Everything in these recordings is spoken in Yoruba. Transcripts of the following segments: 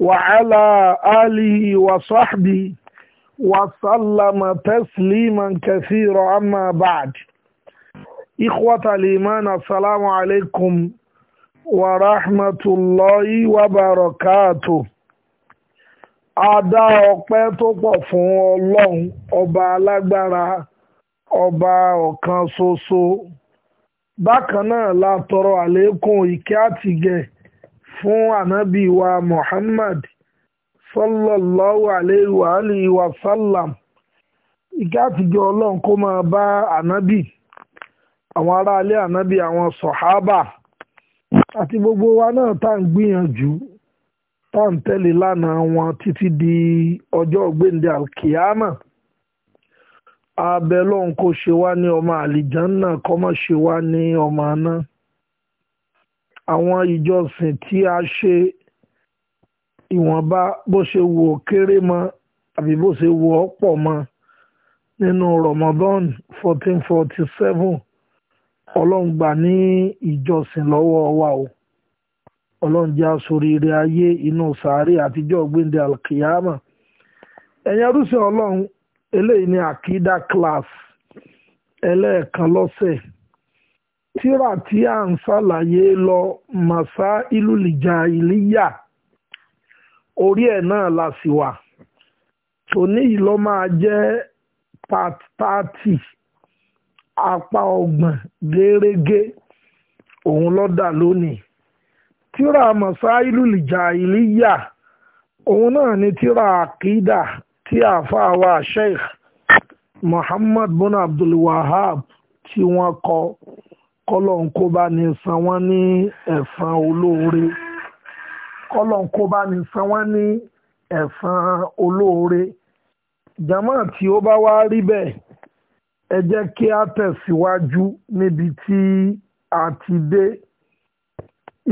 وعلى آله وصحبه وسلم تسليما كثيرا أما بعد إخوة الإيمان السلام عليكم ورحمة الله وبركاته Adá ọpẹ́ tó pọ̀ fún Ọlọ́run ọba alágbára ọba ọ̀kan ṣoṣo. Bákan náà la tọrọ àlékún ìkẹ́ àtìgẹ̀ fún ànábì wa Muhammad sallallahu alayhi wa alihi wa sallam ìkẹ́ àtijọ́ ọlọ́run kó máa bá ànábì àwọn aráalé ànábì àwọn sọ̀hábà àti gbogbo wa náà tá à ń gbìyànjú tá ń tẹ̀lé lánàá wọn títí di ọjọ́ ògbéǹde alkiyama abẹ́ lọ́hùn kó ṣe wá ní ọmọ àlìjánná kó má ṣe wá ní ọmọ náà àwọn ìjọsìn tí a ṣe ìwọ̀nba bó ṣe wù ó kéré mọ́ àbí bó ṣe wù ó pọ̀ mọ́ nínú Ramadan fourteen forty seven ọlọ́run gbà ní ìjọsìn lọ́wọ́ wa o ọlọ́run jẹ́ aṣoríire ayé inú sàárè àtijọ́ gbéǹde alkiyama ẹ̀yin arúsẹ̀ ọlọ́run eléyìí ni akida class ẹlẹ́ẹ̀kan lọ́sẹ̀ tíra tí a ń ṣàlàyé lọ màsá ìlúlìjà ìlíyà orí ẹ̀ náà la sì wà tòní yìí ló máa jẹ́ part thirty apá ọgbọ̀n gẹ́rẹ́gẹ́ òun ló dà lónìí tíra màsá ìlúlìjà ìlíyà òun náà ni tíra àkídà tí àáfàá wa sheikh muhammad bin abdul wahab tí wọ́n kọ kọ́lọ́n kó bá ní san wọ́n ní ẹ̀san olóore kọ́lọ́n kó bá ní san wọ́n ní ẹ̀san olóore jama tí ó bá wá rí bẹ́ẹ̀ ẹ jẹ́ kí a tẹ̀síwájú níbi tí a ti dé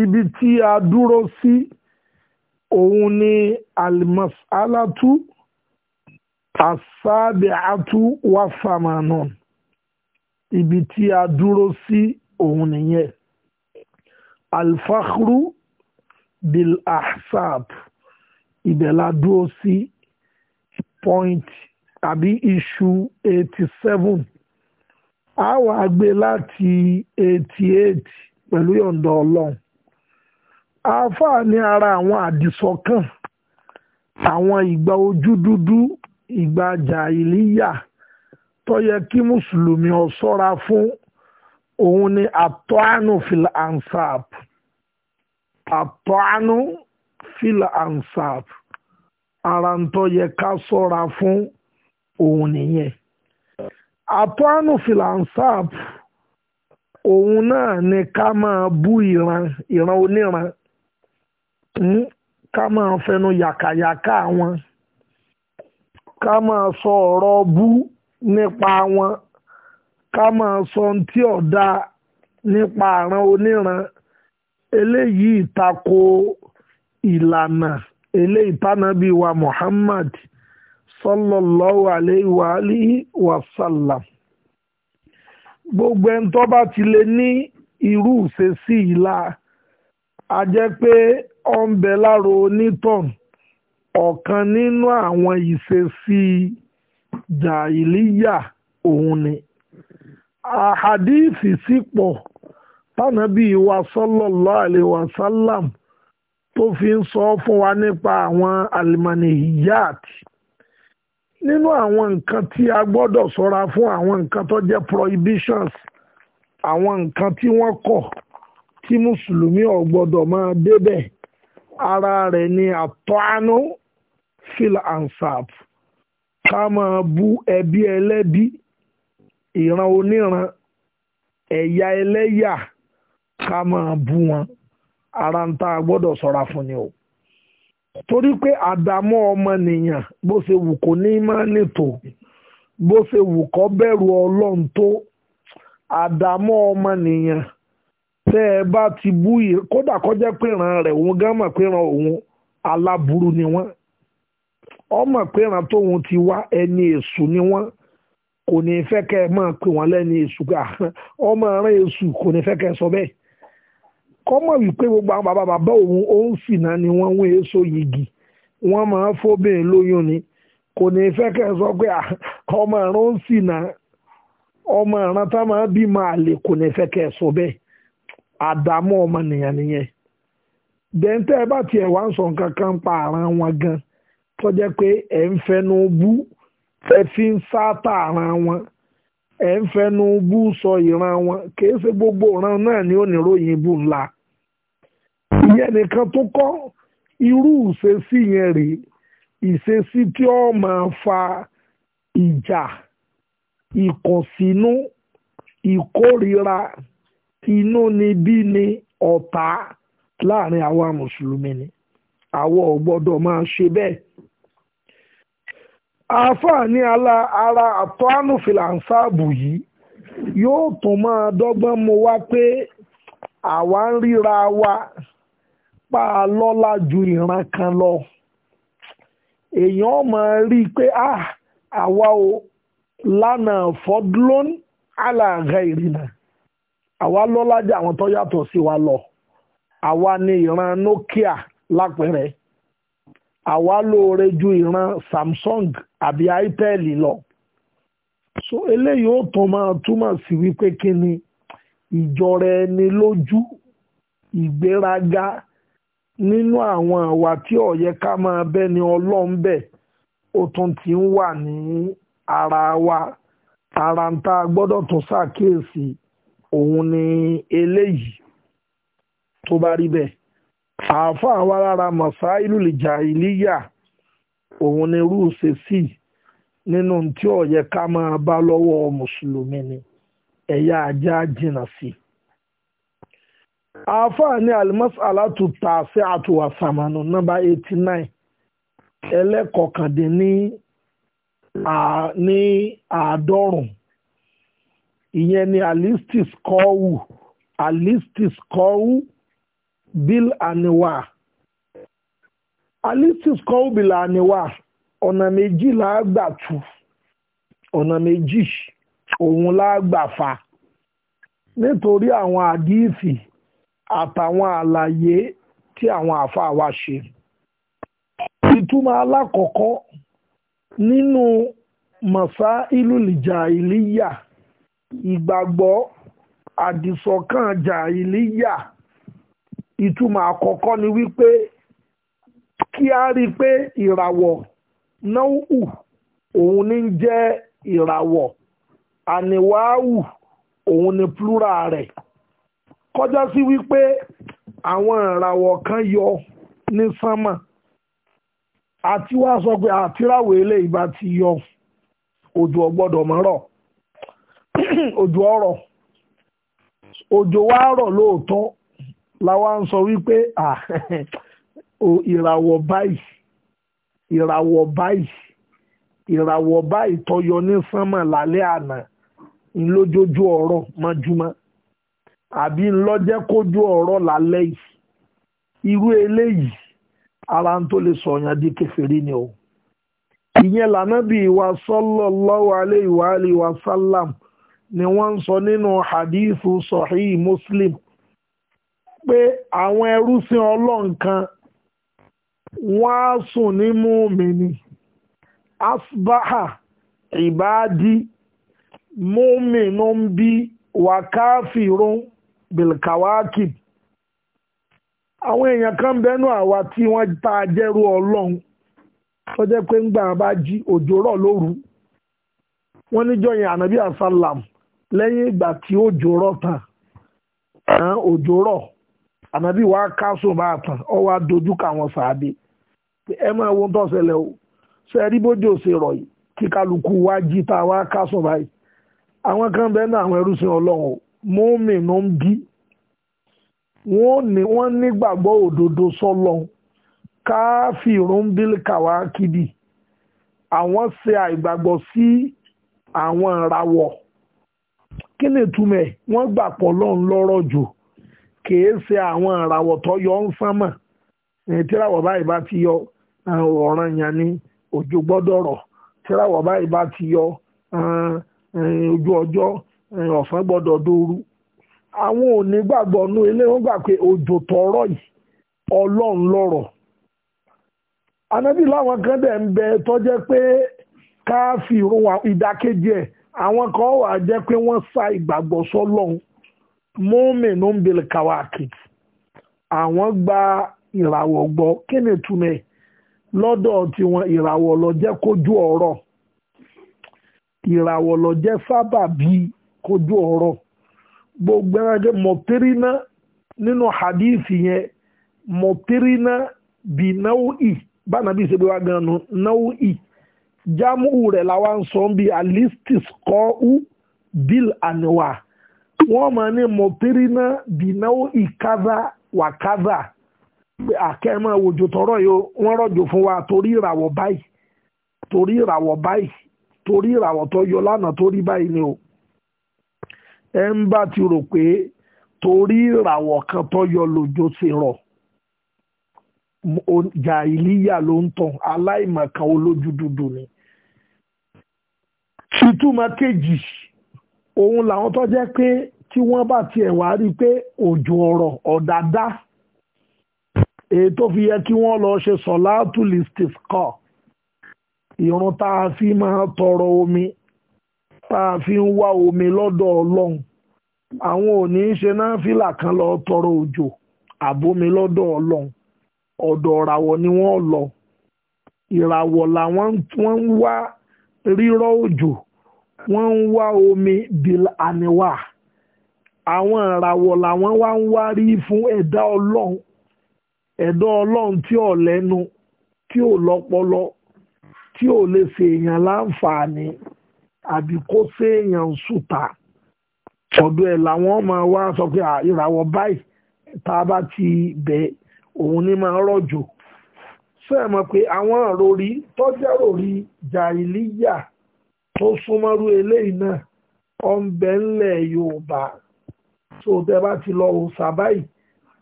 ibi tí a dúró sí òun ni almasalatu asabiatu wafamanun ibi tí a dúró sí òun nìyẹn alfakhru bil ahsab ibẹ̀ la dúró sí point àbí iṣu eighty seven a wàá gbé láti eighty eight pẹ̀lú yọ̀ǹda ọlọ́run àáfàá ní ara àwọn àdìsọ́kàn àwọn ìgbà ojú dúdú ìgbà jàìlíyà tó yẹ kí mùsùlùmí ó fún òun ni àtọ́ánú fìlà ansap àtọ́ánú fìlà ansap ara ń tọ́ yẹ ká sọ́ra fún òun nìyẹn àtọ́ánú fìlà ansap òun náà ni ká máa bú ìran ìran oníran hmm? ká máa fẹnu yàkàyàkà wọn ká máa sọ ọ̀rọ̀ bú nípa wọn ká máa sọ ohun tí ọ̀dà nípa àrùn oníran eléyìí tako ìlànà eléyìí tánàbí wa Muhammad sallallahu alayhi wa alihi wa sallam gbogbo ẹni tó bá ti lè ní irú ìṣesí ìlà a jẹ́ pé o ń bẹ lára onítàn ọ̀kan nínú àwọn ìṣesí jàìlíyà òun ni àhàdíìsì sì pọ̀ tánàbí wa sallallahu alaihi wasallam tó fi ń sọ fún wa nípa àwọn almanihiyat nínú àwọn nǹkan tí a gbọ́dọ̀ ṣọ́ra fún àwọn nǹkan tó jẹ́ prohibitions àwọn nǹkan tí wọ́n kọ̀ tí mùsùlùmí ò gbọ́dọ̀ máa débẹ̀ ara rẹ̀ ni àtọ́ánú phil ansat ká máa bú ẹbí ẹlẹ́bí. ìran oníran ẹ̀yà ẹlẹ́yà ká máa bú wọn ara ń tá a gbọ́dọ̀ sọ́ra ni o torí pé àdámọ́ ọmọnìyàn bó ṣe wù kó ní máa nìtò bó ṣe wù kó bẹ̀rù ọlọ́run tó àdámọ́ ọmọnìyàn tẹ́ ẹ bá ti bú kò ní fẹ́ kẹ́ ẹ máa pè wọ́n lẹ́ni èṣù ah, ọmọ ẹran èṣù kò ní fẹ́ kẹ́ ẹ sọ bẹ́ẹ̀ kọ́mọ̀ wípé gbogbo àwọn bàbá bàbá òun òun sì náà ni wọ́n wọ́n èso yìgì wọ́n máa fóbìnrin lóyún ni kò ní fẹ́ kẹ́ ẹ sọ pé ah, ọmọ òun sì náà ọmọ tá máa bí máa lè kò ní fẹ́ sọ bẹ́ẹ̀ ẹ fi ń sáátà ara wọn ẹ ń fẹnu bú sọ ìran wọn kì í ṣe gbogbo ìran náà ni ó ní ròyìn bú ńlá ìyẹn nìkan tó kọ́ irú ìṣesí yẹn rèé ìṣesí tí ó máa fa ìjà ìkùnsínú ìkórira inú ni bí ni ọ̀tá láàrin àwa mùsùlùmí ni àwa ò gbọ́dọ̀ máa ṣe bẹ́ẹ̀ àáfàá ní ara àtọ́ánùfìlà ń sáàbù yìí yóò tún máa dọ́gbọ́n mo wá pé àwa ń ríra wa pa á lọ́lá ju ìran kan lọ èèyàn máa rí i pé ah, àwa o lánàá fọdúlón àlàgà ìrìnà àwa lọ́lá jẹ́ àwọn tó yàtọ̀ sí wa lọ àwa ni ìran Nokia lápẹẹrẹ àwa lóore ju ìran Samsung àbí itel lọ so eléyìí ó tún máa túmọ̀ sí wípé kí ni ìjọra ẹni lójú ìgbéraga nínú àwọn àwa tí ó yẹ ká máa bẹ́ni ọlọ́run bẹ̀ ó tún ti ń wà ní ara wa ara ń tá gbọ́dọ̀ tún ṣàkíyèsí òun ni eléyìí tó bá rí bẹ́ẹ̀ àáfà wa lára mọ̀sá ìlú ìjà ìlíyà òun ni irú sí nínú tí ó yẹ ká máa ni ẹ̀yà ajá jìnnà sí. àáfà ní alimasalatu tààsí àtúwà sàmánù nọ́mbà ní àádọ́rùn ìyẹn ni alistis kọ́wù bil aniwa alisis kọ́ bil aniwa ọ̀nà méjì láàgbà tu ọ̀nà méjì òun láàgbà fa nítorí àwọn àdíìsì àtàwọn àlàyé tí àwọn àfáà wa ṣe ìtumọ̀ alákọ̀ọ́kọ́ nínú mọ̀sá ìlúlìjà ìlíyà ìgbàgbọ́ àdìsọ́kàn jà ìlíyà ìtumọ̀ àkọ́kọ́ ni wípé kí a rí i pé ìràwọ̀ náwù òun ní jẹ́ ìràwọ̀ àníwáwù òun ni plural rẹ̀ kọjá sí wípé àwọn ìràwọ̀ kan yọ ní sánmà àti wá sọ pé àtìràwọ̀ eléyìí bá ti yọ òjò ọgbọ́dọ̀ mọ́rọ̀ òjò ọ̀rọ̀ òjò wá rọ̀ lóòótọ́ làwa ń sọ wípé ìràwọ̀ báyìí ìràwọ̀ báyìí ìràwọ̀ báyìí tọyọ ní sánmà lálẹ́ àná ńlójójú ọ̀rọ̀ mọ́júmọ́ àbí ńlọ́jẹ́ kójú ọ̀rọ̀ lálẹ́ yìí irú eléyìí ara ń tó lè sọ̀yàn di kèfèrí ni o ìyẹn lànàbí wa sallallahu alayhi wa alihi wa sallam ni wọ́n ń sọ nínú hadithu sahih muslim pé àwọn ẹrúsìn ọlọ́run kan wọ́n á sùn ní múmìnì asbaha ìbáàdí múmìnú bí wàkáfìrún bilkawakib àwọn èèyàn kan bẹnu àwa tí wọ́n ta jẹ́rú ọlọ́run tó jẹ́ pé ńgbà bá jí òjò rọ̀ lóru wọ́n níjọ́ yẹn ojoro àsálàm lẹ́yìn ìgbà tí òjò rọ̀ tán òjò rọ̀ ànábì wa kásùn bá tàn ọ wá dojú kà wọn sàábé ẹ máa wo tó ṣẹlẹ̀ o ṣe rí bójú òsè rọ̀ yìí kí kálukú wá jí tá a wá kásùn báyìí àwọn kan bẹ́ẹ̀ náà àwọn ẹrúsìn ọlọ́run mọ́mìnà ń bí wọ́n nígbàgbọ́ òdodo sọ́lọ́run káfíìrún bílkàwá kìdì àwọn ṣe àìgbàgbọ́ sí àwọn ìràwọ̀ kí ni ìtumọ̀ wọ́n gbà lọ́run lọ́rọ̀ jù kìí ṣe àwọn ìràwọ̀ tó yọ ń sánmà tíràwọ̀ báyìí bá ti yọ ọ̀ràn yàn ni òjò gbọ́dọ̀ rọ̀ tíràwọ̀ báyìí bá ti yọ ojú ọjọ́ ọ̀sán gbọ́dọ̀ dóoru àwọn òní gbàgbọ́ nú ilé wọn gbà pé òjò tọrọ yìí ọlọ́run lọ́rọ̀ anábì láwọn kan dẹ̀ ń bẹ tó pé káfíìrún ìdákejì ẹ̀ àwọn kan wà jẹ́ pé wọ́n sa ìgbàgbọ́ sọ́lọ́run mu'minun bil kawakib àwọn gba ìràwọ̀ gbọ́ kí ni túmẹ̀ lọ́dọ̀ tiwọn ìràwọ̀ ló jẹ́ kójú ọ̀rọ̀ ìràwọ̀ ló jẹ́ sábàbí kójú ọ̀rọ̀ gbogbo ẹgbẹ́ mọ̀tírínà nínú hadith yẹn mọ̀tírínà bí náwì bánàbí ṣe bí wá gan náwì jámù rẹ̀ làwọn sọ ń bí alistis kọ́ ú bíl àníwá wọ́n máa ní mọ̀tẹ́rínà bìnáwó ìkádà wàkádà àkẹ́mọ́ òjò tọrọ yìí wọ́n rọ̀jò fún wa torí ìràwọ̀ báyìí torí ìràwọ̀ báyìí torí ìràwọ̀ tó yọ lánàá torí báyìí ni o ẹ ń bá ti rò pé torí ìràwọ̀ kan tó yọ lòjò ti rọ̀ jàìlíyà ló ń tàn aláìmọ̀kan olójú dúdú ni ìtumọ̀ kejì òun làwọn tó jẹ́ pé tí wọ́n bá tiẹ̀ wá rí i pé òjò ọ̀rọ̀ ọ̀dàdá èyí tó fi yẹ kí wọ́n lọ ṣe sọ̀láàtù listifqa ìrun tá a fi máa tọrọ omi tá a fi ń wá omi lọ́dọ̀ ọlọ́run àwọn ò ní í ṣe náfìlà kan lọ tọrọ òjò àbomi lọ́dọ̀ ọlọ́run ọ̀dọ̀ ìràwọ̀ ni wọ́n lọ ìràwọ̀ làwọn wọ́n ń wá rírọ̀ òjò wọ́n ń wá omi bil aniwa àwọn ìràwọ̀ làwọn wá ń wárí fún ẹ̀dá ọlọ́run ẹ̀dá ọlọ́run tí ò lẹ́nu tí ò lọ́pọlọ tí ò lè ṣèèyàn láǹfààní àbí kó ṣèèyàn sùtà ọ̀dọ̀ ẹ̀ làwọn máa wá sọ pé ìràwọ̀ báyìí tá a bá ti bẹ̀ òun ní máa rọ̀jò sẹ́ẹ̀ mọ̀ pé àwọn àròrí tọ́jẹ́ ròrí jàìlíyà tó súnmọ́rú eléyìí náà ọ̀ Yorùbá so tẹ́ bá ti lọ òòsà báyìí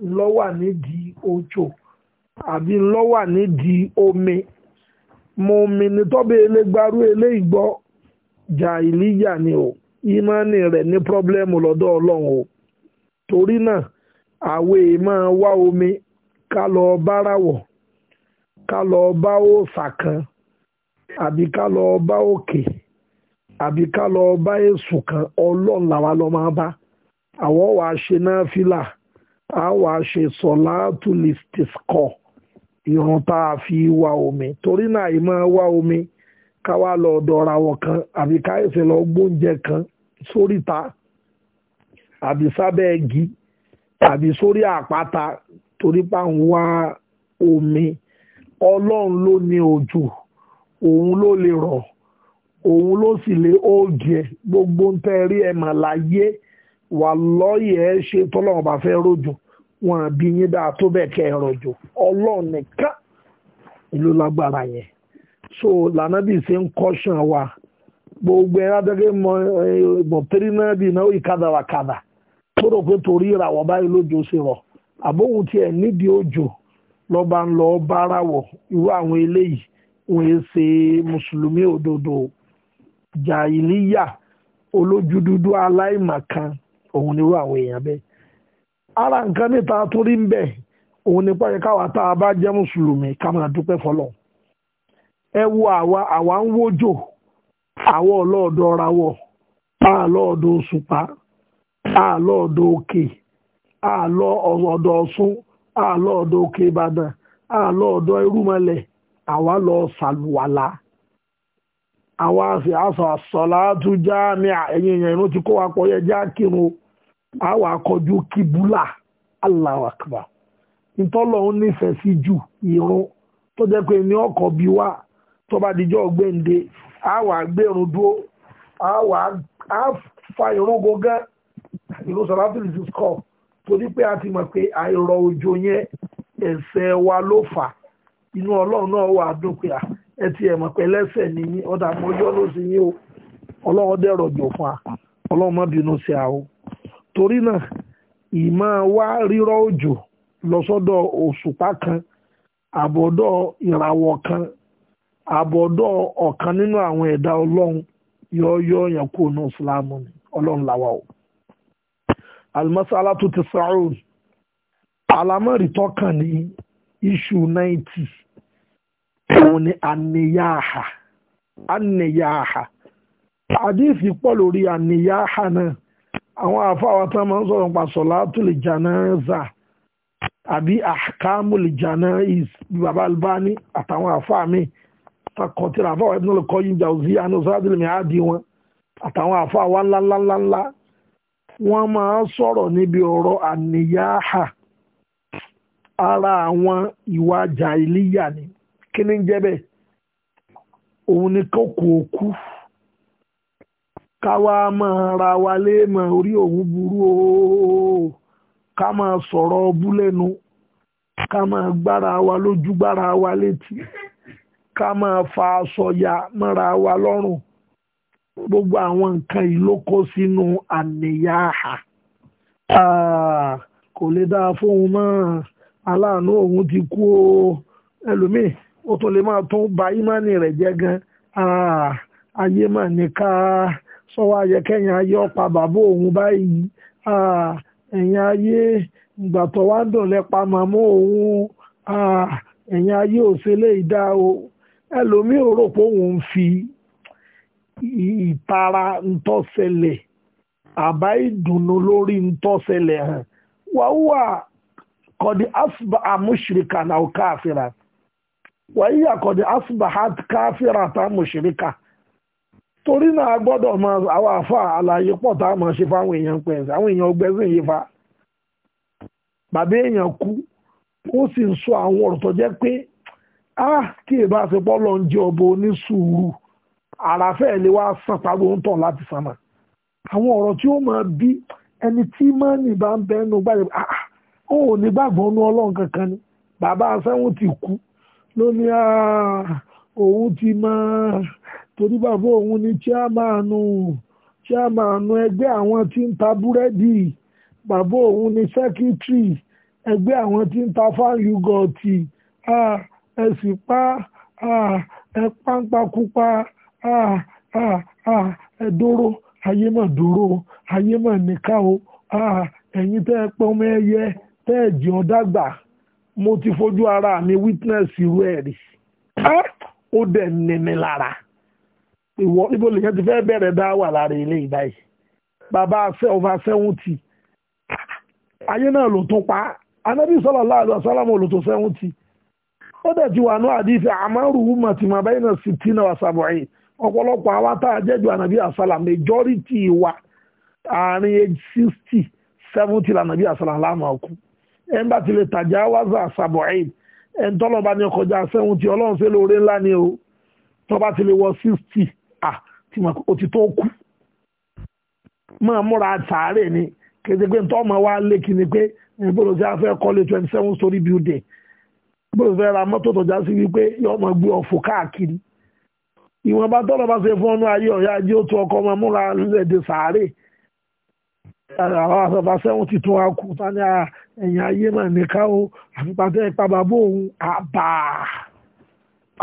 ńlọ́wà nídìí òjò àbí ńlọ́wà nídìí omi mo mi ní tọ́bẹ̀ elégbárú eléyìí gbọ́ jà ìlíyà ni o ìmánì rẹ̀ ní pọ́blẹ́mù lọ́dọ̀ ọlọ́run o torí náà àwẹ̀ máa wá omi ká lọ bárawọ̀ ká lọ bá òòsà kan àbí ká lọ bá òkè àbí ká lọ bá èṣù kan ọlọ́run làwa lọ máa bá àwọn wàá ṣe náfìlà a wàá ṣe sọ̀láàtù listisco ìrun tá a fi wá omi torí náà ìmọ̀ wá omi ká wá lọ dọ̀ra wọn kan àbí ká ẹsẹ̀ lọ gbóúnjẹ kan sóríta àbí sábẹ́ igi àbí sórí àpáta torí pa ń wá omi ọlọ́run ló ní òjò òun ló lè rọ̀ òun ló sì lè oúnjẹ gbogbo ń tẹ́ rí ẹ̀ láyé wà lọ́yẹ̀ ẹ́ ṣe tọ́lọ́run bá fẹ́ rọ̀jò wọn àbí yín dáa tó bẹ́ẹ̀ kẹ́ ẹ ọlọ́run nìkan ìlú lágbára yẹn so lànàbì ṣe ń kọ́ṣàn wa gbogbo ẹ̀ mọ mọ̀tẹ́rì náà bíi náà ìkadà wà tó rò pé torí ìràwọ̀ báyìí lójó ṣe rọ̀ àbóhun tiẹ̀ nídìí òjò lọ́ba ń lọ irú àwọn eléyìí ṣe òun nírú àwọn èèyàn bẹ́ẹ̀ ara nǹkan níta tó ń bẹ̀ òun ní pàṣẹ káwa tá a bá jẹ́ mùsùlùmí ká máa dúpẹ́ fọlọ́ ẹ wo a lọ́ọ̀dọ́ tá a lọ́ọ̀dọ́ òkè tá a lọ ọ̀dọ̀ tá a lọ́ọ̀dọ́ òkè ìbàdàn tá a lọ́ọ̀dọ́ irúmọlẹ̀ àwa lọ sàlùwàlà àwa tún já ẹ̀yìn a akọjú kíbúlà Allahu Akbar ntọ́lọ̀ ń nífẹ̀ẹ́ sí jù ìrún tó jẹ́ pé ní ọkọ̀ bí wá tó bá dijọ́ gbẹ̀ǹde dúró a wa ló fà inú ọlọ́run wà dùn pé ẹ ti ẹ̀ mọ̀ pé lẹ́sẹ̀ ọ̀dà o ọlọ́run dẹ̀rọ̀ fún wa ọlọ́run torí náà ìmọ̀ wá rírọ̀ òjò lọ sọ́dọ̀ òṣùpá kan àbọ̀dọ̀ ìràwọ̀ kan àbọ̀dọ̀ ọ̀kan nínú àwọn ẹ̀dá ọlọ́run yọ́ọ́yọ́ yẹn kó nù ìsìlámù ni ọlọ́run làwà o. almasalatu tis'un alamọ́rì tọ́kàn ní iṣu 90 òun ni aniyaha aniyaha àdìsí pọ̀ lórí aniyaha náà àwọn àfáwà tán máa ń sọ̀rọ̀ pa sọ̀látù lè jánásà àbí àkàmù lè jánásà bàbá Albani àtàwọn àfáà mi takọ̀ tí àfáwà Ibn al-Qayyim Jawziyya ní sọ́látù lè máa di wọn àtàwọn àfáwà ńláńláńlá wọ́n máa ń sọ̀rọ̀ níbi ọ̀rọ̀ àníyáhà ara àwọn ìwà jàìlíyà ni kí ni ń jẹ́ bẹ́ẹ̀ òun ni kókò òkú ká wá máa ra wa léèmọ̀ orí òun burú o ká máa sọ̀rọ̀ ọbú lẹ́nu ká máa gbára wa lójú gbára wa létí ká máa fa aṣọ ya mọ́ra wa lọ́rùn gbogbo àwọn nǹkan yìí ló kó sínú àníyáhà kò lè dáa fóun mọ́ aláàánú òun ti kú o ẹlòmíì ó tún lè máa tún ba ímánì rẹ̀ jẹ́ gan ayé mà ní ká. sọ́wọ́ ayẹ̀kẹ́yìn ayé ọ̀pá bàbá òun báyìí ẹ̀yìn ayé ìgbà tó wá ń dùn lẹ́pa màmú òun ẹ̀yìn ayé ìdá o ẹlòmíì ò rò pé òun fi ìtara ntọ́sẹlẹ̀ àbá ìdùnnú lórí ntọ́sẹlẹ̀ hàn wàhùwà kọ̀dí náà tá torí náà a gbọ́dọ̀ mọ àwọn àfa àlàyé pọ̀ tá a mọ̀ ṣe fáwọn èèyàn pẹ̀sẹ̀ àwọn èèyàn ọgbẹ́sìn yìí fa bàbá èèyàn kú ó sì ń sọ àwọn ọ̀rọ̀ tó jẹ́ pé a ah, kí èèbá ṣe pọ́ lọ ń jẹ ọba onísùúrù àràfẹ́ ni wàá sàn pàgbó ń tàn láti sàmà àwọn ọ̀rọ̀ tí ó máa bí ẹni tí mọ́nì bá ń bẹ́ nu gbàgbé ah, ah, ó ò ní gbàgbọ́ nu ọlọ́run kankan ni bàbá sẹ́wọ̀n ti kú ló ní òun ti máa torí bàbá òun ni chairmanu chairmanu ẹgbẹ́ àwọn tí ń ta búrẹ́dì bàbá òun ni secretary ẹgbẹ́ àwọn tí ń ta fáyugọ̀tì ẹ sì pa ẹ páńpákúpa ẹ dóró ayé mà dóró ayé mà níkà o ẹ̀yin tẹ́ ẹ pọ́n mọ́ ẹyẹ tẹ́ ẹ jẹ́ ọ̀dàgbà mo ti fojú ara mi witness irú ẹ̀ rí ó dẹ̀ níní lára ìwọ ibo lèyàn ti fẹ́ bẹ̀rẹ̀ dá wà lára ilé ìbáyìí bàbá ọba sẹ́wọ́ntì ayé náà ló tún pa anábì sallallahu alaihi wasallam ló tún sẹ́wọ́ntì ó dẹ̀ ti wà ní àdìsí àmárù ummati ma bayna sittina wa sab'in ọ̀pọ̀lọpọ̀ àwa tá a jẹ́jọ́ ànàbí àsálà majority wa àárín age sixty seventy lànàbí àsálà láàmú ọkù ẹ̀ ń bá ti lè tàjà wáza sab'in ẹ̀ ń tọ́lọ̀ bá ní ọkọjá seventy ọlọ́run ṣe lóore ńlá ni o tọ́ba ti wọ sixty tí mo ò ti tó kú máa múra sàárè ni kéde pé nítorí ọmọ wa lé kíni pé ìgbọ́dọ̀ tí a fẹ́ kọ́lé twenty seven story building ìgbọ́dọ̀ fẹ́ ra mọ́tò tó já sí wípé yóò máa gbé ọ̀fọ̀ káàkiri ìwọ̀n bá tọ́lọ̀ bá ṣe fún ọnú ayé ọ̀yá ajé ó tún ọkọ̀ máa múra lẹ́dẹ̀ sàárè àwọn àfẹ́fà sẹ́wọ̀n ti tún akú tani ẹ̀yìn ayé náà nìkan o àfipá tẹ́ ipa bàbá òun àbà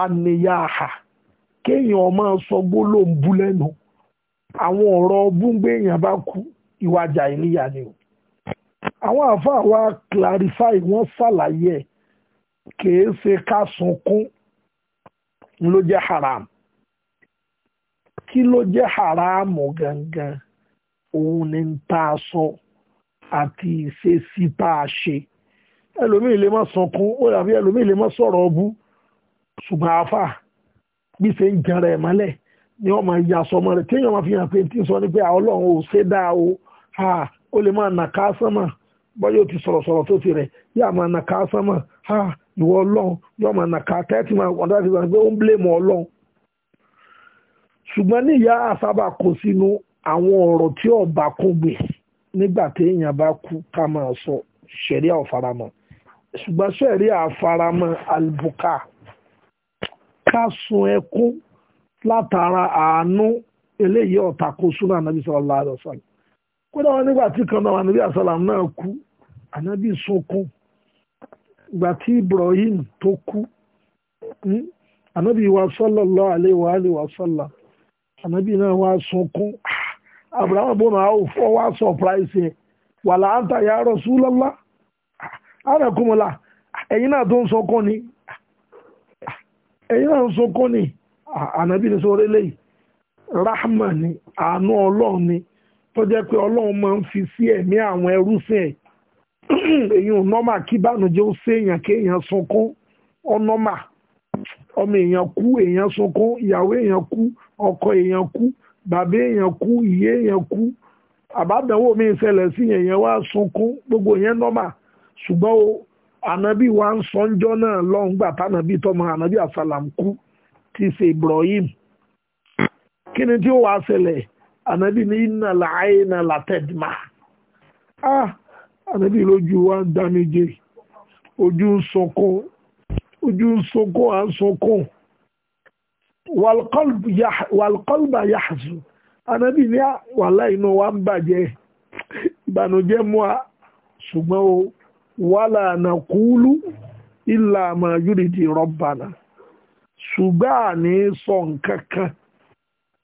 àníyá kéèyàn máa sọ gbólóhùn bú lẹ́nu àwọn ọ̀rọ̀ búngbéèyàn bá kú ìwà jàìníyà ni o àwọn àáfàá wa clarify wọ́n ṣàlàyé ẹ̀ kìí ṣe ká sunkún ló jẹ́ haram kí ló jẹ́ haramu gangan òun ni ń tá a sọ àti ìṣesí tá a ṣe ẹlòmíì lè má sunkún ó dàbí ẹlòmíì lè má sọ̀rọ̀ ọbú ṣùgbọ́n àáfàá bí ṣe ń jẹrẹ ẹ̀ mọ́lẹ̀ ni wọ́n máa ya sọmọ rẹ̀ téèyàn máa fi hàn pé tí ń sọ ni pé ah, ọlọ́run ò ṣe dáa o ah, ó lè máa nà ká sánmà bọ́yá ó ti sọ̀rọ̀ sọ̀rọ̀ tó ti rẹ̀ yá máa nà ká sánmà ah, ìwọ ọlọ́run yóò máa nà ká tẹ́tí máa wọ́n dájú pé ó ń blame ọlọ́run. ṣùgbọ́n ní ìyá àsábà kó sínú àwọn ọ̀rọ̀ tí ọba kún gbè nígbà téèyàn bá kú ká máa sọ ṣẹ̀ríà ò faramọ́ ṣùgbọ́n ṣẹ̀ríà faramọ́ àlùbùkà ká sun ẹkún látara àánú eléyìí ọ̀tàkó súnà ànábì sallallahu alaihi wasallam kódà wọn nígbà tí kan náà ànábì àsàlám náà kú ànábì sunkún ìgbà tí Ibrahim tó kú hmm, ànábì wa sallallahu alaihi wa alihi wa sallam ànábì náà wá sunkún ah, Abraham bò náà ó fọ́ wá surprise yẹn wàlà anta ya Rasulullah ah, ànàkùnmọ̀là ah, ẹ̀yin náà tó ń sunkún ni ẹ̀yin náà ń sunkún ni ah, ànábì ní sọ rélé yìí rahma ni àánú ọlọ́run ni tó jẹ́ pé ọlọ́run máa ń fi sí ẹ̀mí àwọn ẹrú sí ẹ̀ èyí ò nọ́mà kí bànújẹ́ ó séèyàn kéèyàn sunkún ọ̀nọ́mà ọmọ èèyàn kú èèyàn sunkún ìyàwó èèyàn kú ọkọ èèyàn kú bàbá èèyàn kú ìyá èèyàn kú àbádànwò mi ń ṣẹlẹ̀ sí èèyàn wá sunkún gbogbo yẹn nọ́mà ṣùgbọ́n ànábì wa ń sọ́njọ́ náà lọ́hùn gbà tánàbí tọmọ ànábì àsàlám kú ti ṣe Ibrahim kí ni tí ó wàá ṣẹlẹ̀ ànábì ní iná làáyé na látẹ̀dìmá ah ànábì lójú wa ń dá méje ojú ń sọkún ojú ń sọkún à ń sọkún wàlkọ́lbà yàhásù ànábì ní ah, wàhálà inú wa ń bàjẹ́ ìbànújẹ́ mú a ṣùgbọ́n o. wàlà nàkúlù ìlà máa yúrìdì rọ́bànà ṣùgbọ́n sọ nkankan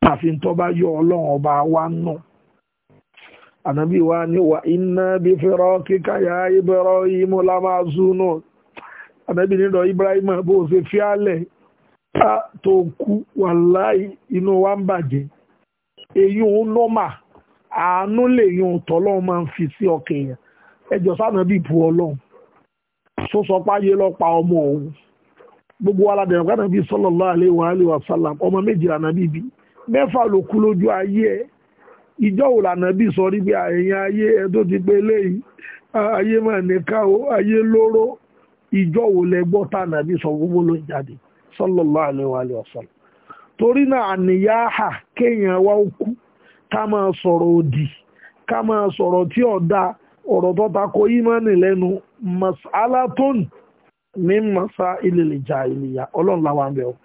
àfi tó yọ ọlọ́run ọba wa nù. ànábì wa ni fẹ́rọ kíkà ya ibẹ̀rọ imú lamazunu ànábì nílò ibrahim bó ṣe fi ká tó kú inú wa ń bàjẹ́ èyí ń nọ́mà àánú ẹjọ́ sáànà bíi pu ọlọ́run tó sọ lọ pa ọmọ òun gbogbo aládẹ̀rẹ̀ pé ànábì Sọlọlọ alaihi wa ọmọ méjìlá ànábì bí mẹ́fà ló kú lójú ayé ẹ̀ ìjọ wò sọ rí bí ayé ẹ tó ti pé léyìí o ayé lóró ìjọ wò tá sọ gbogbo ló ń jáde torí náà kéèyàn wá ó kú ká máa òdì ọ̀rọ̀ tó takò ìmánì lẹ́nu masalatun ní masa ilẹ̀lẹ̀ jà ìlìyà ọlọ́run làwọn àmì ọ̀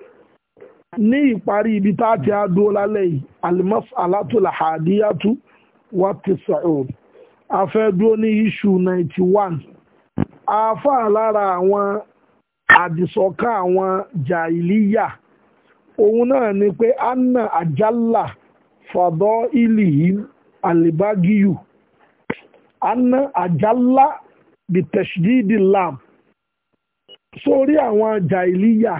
ní ìparí ibi tá a ti á dúró lálẹ́ yìí alimasalatu lahadiyatu wa tisaud afẹ́ dúró ní iṣu 91 afá lára àwọn àdìsọ́ká àwọn jà ìlìyà òun náà ni pé anna ajala fàdọ́ ìlìyìn alibagiyu anna ajala bi tashdidi lam sórí àwọn ajá ìlíyà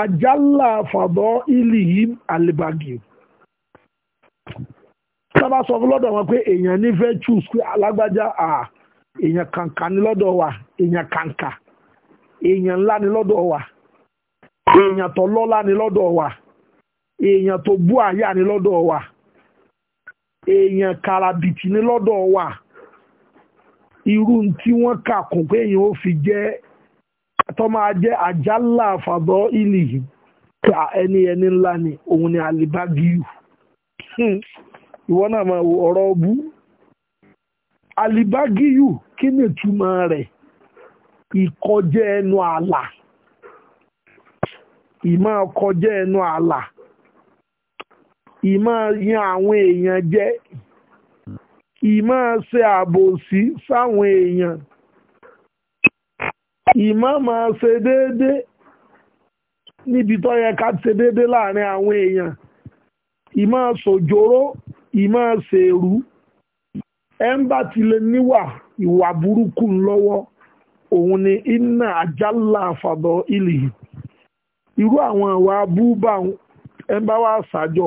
ajala fàdọ́ ilihim alibagi sábà sọ fún lọ́dọ̀ wọn pé èèyàn ní virtues pé alágbájá èèyàn kàǹkà ní lọ́dọ̀ wa èèyàn kàǹkà èèyàn ńlá ní lọ́dọ̀ wa èèyàn tó lọ́lá ní lọ́dọ̀ wa èèyàn tó bú àyà ní lọ́dọ̀ wa èèyàn kàràbìtì ní lọ́dọ̀ wa. irú tí wọ́n kà kún pé èèyàn ó fi jẹ́ tó máa jẹ́ àjálà fàdọ́ ìlì ká ẹni ẹni ńlá ni òun ni alibagiu hmm. ìwọ náà máa wo ọ̀rọ̀ ọbú alibagiu kí ni ìtumọ̀ rẹ̀ ìkọjẹ́ ẹnu àlà ìmọ̀ kọjẹ́ ẹnu àlà ìmọ̀ yan àwọn èèyàn jẹ́ ìmọ̀ ṣe àbòsí sáwọn èèyàn ìmọ̀ máa ṣe déédé níbi tó yẹ ká ṣe déédé láàrin àwọn èèyàn ìmọ̀ ṣòjóró ìmọ̀ ṣèrú ẹ̀ńbà ti lè níwà ìwà burúkú lọ́wọ́ òun ni iná àjálà àfàdọ̀ ilẹ̀ irú àwọn àwa búbà ẹ̀ńbà wa ṣàjọ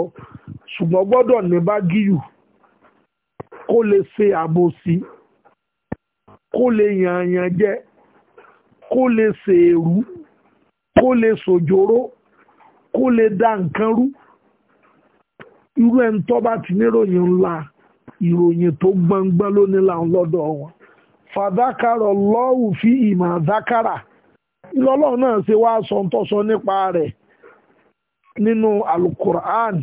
ṣùgbọ́n gbọ́dọ̀ ní bá gíyù kó lè ṣe àbòsí kó lè yànyàn jẹ kó lè ṣèrú kó lè ṣòjóró kó lè dá nǹkan rú irú ẹni tó bá ti níròyìn ńlá ìròyìn tó gbọngbọn ló ní láwọn lọ́dọ̀ wọn fàdákàrọ̀ lọ́wù fi ìmọ̀ àdákàrà lọ́lọ́run náà ṣe wá sọ tó sọ nípa rẹ̀ nínú alukur'an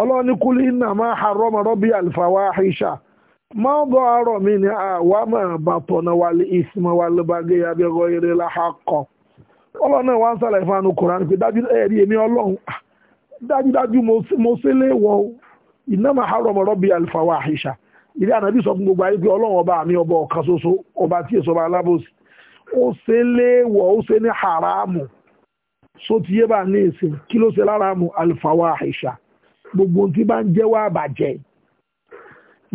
ọlọ́ni kúlí nàmá harọ́mọ̀rọ́bí alfawahisha. mọ́bọ̀ arọ mi ni àwa máa bá tọ́nà wálé ìsinmi wálé bá gé abẹ́ ọgọ́ eré láhàkọ́ ọlọ́run náà wá ń sàlàyé fún àánú kùránì pé dájú ẹ̀rí eh, èmi ọlọ́run dájúdájú ah, mo sí léwọ́ ìnáma àárọ̀ mọ̀rọ̀ sọ fún gbogbo ayé pé ọba ọba gbogbo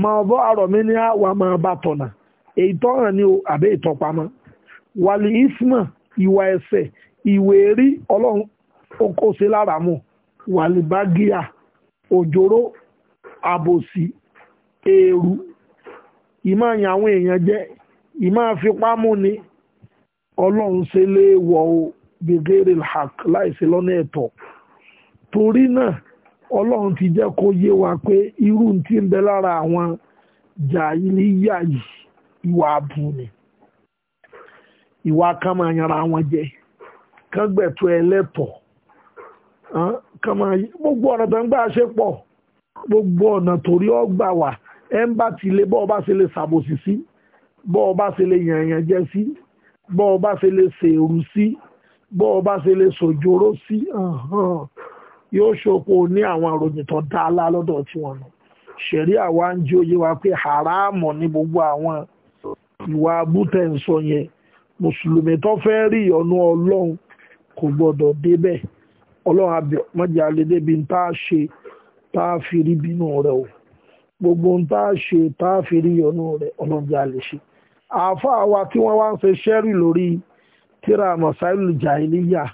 máa bọ́ àrọ̀ mi ní àwa máa bá tọ̀nà èyí tọ́hàn ni o àbẹ́ ìtọ́pamọ́ wàlí isma ìwà ẹ̀ṣẹ̀ ìwé rí ọlọ́run oko sí lára mu wàlí bágíà òjòrò àbòsí èrú ìmọ̀ àyàn àwọn èèyàn jẹ́ ìmọ̀ àfipámú ni ọlọ́run ṣe léèwọ̀ o bègèrè hàk láìsí lọ́nà ẹ̀tọ́ torí náà ọlọ́run ti jẹ́ kó yé wa pé irú tí ń bẹ lára àwọn jàìlíyà yìí ìwà abu ni ìwà kan máa yanra wọn jẹ kán gbẹ̀tọ́ ẹlẹ́tọ̀ kán máa gbogbo ọ̀nà tó ń gbà ṣe pọ̀ gbogbo ọ̀nà torí ọgbà wà ẹ ń bá ti lé bọ́ bá ṣe lè ṣàbòsí sí bọ́ bá ṣe lè yànyàn jẹ sí bọ́ bá ṣe lè ṣèrú sí bọ́ bá ṣe lè ṣòjóró sí yóò ṣòpo ní àwọn àròyìn tó dá alá lọ́dọ̀ tí wọ́n nù ṣẹ̀rí àwa ń jí òye wa pé haramu ní gbogbo àwọn ìwà abútẹ̀ ń sọ yẹn mùsùlùmí tó fẹ́ rí ìyọ́nú ọlọ́run kò gbọ́dọ̀ débẹ̀ ọlọ́run àbẹ̀ mọ́jà lè débi ń tá a ṣe tá a fi rí bínú rẹ̀ o gbogbo tá a ṣe tá a fi rí ìyọ́nú rẹ̀ ọlọ́jà lè ṣe àáfàá wa tí wọ́n wá ń ṣe ṣẹ́rì lórí tíra mọ̀sáìlì jàìlíyà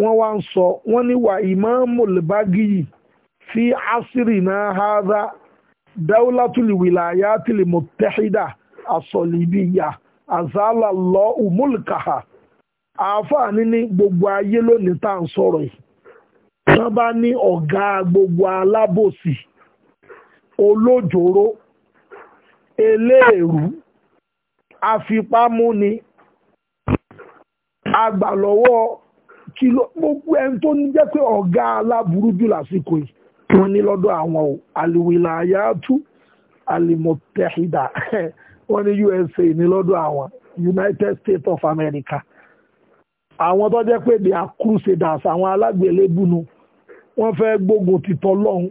wọ́n wá ń sọ wọ́n ní wà ìmáàmùl bágìyì fi asiri náà hádà dáúlátùlì wìláyàtìlì mùtẹ́hídà àsọ̀lìbíyà àzálà lọ umulkaha àfààní ní gbogbo ayé lónìí tá à ń sọ̀rọ̀ yìí wọ́n bá ní ọ̀gá gbogbo alábòsí olójóró eléèrú afipámúni agbàlọ́wọ́ kìlọ̀ gbogbo ẹni tó ní jẹ́ pé ọ̀gá aláburú jù lásìkò yìí wọ́n ní lọ́dọ̀ àwọn o àlùwìlà àyàtú àlìmọ̀tẹ́hìdà wọ́n ní USA ní lọ́dọ̀ àwọn United States of America àwọn tó jẹ́ pé they are crusaders àwọn alágbèlébùnú wọ́n fẹ́ gbógun ti tọ́lọ́hún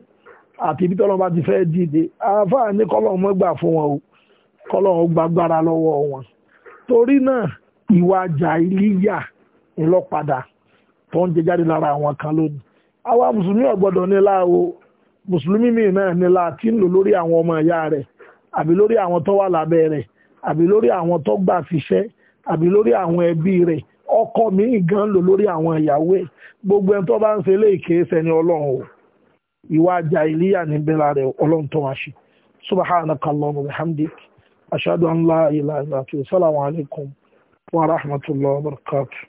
àti ibi tọ́lọ́hún bá ti fẹ́ dìde àáfàá ní kọ́lọ́hún mọ́ fún wọn o kọ́lọ́hún gbàgbára lọ́wọ́ wọn torí náà ìwà jà ìlíyà ńlọ́padà tó ń jẹ jáde lára àwọn kan lónìí àwa mùsùlùmí ọ̀gbọ́dọ̀ nílá o mùsùlùmí míì náà nílá tí ń lò lórí àwọn ọmọ ìyá rẹ̀ àbí lórí àwọn tó wà lábẹ́ rẹ̀ àbí lórí àwọn tó gbà fiṣẹ́ àbí lórí àwọn ẹbí rẹ̀ ọkọ míì gan lò lórí àwọn ìyàwó ẹ̀ gbogbo ẹni tó bá ń ṣe léèké sẹni ọlọ́run o ìwà jàhílíyà níbẹ̀ lára ọlọ́run tó wá ṣe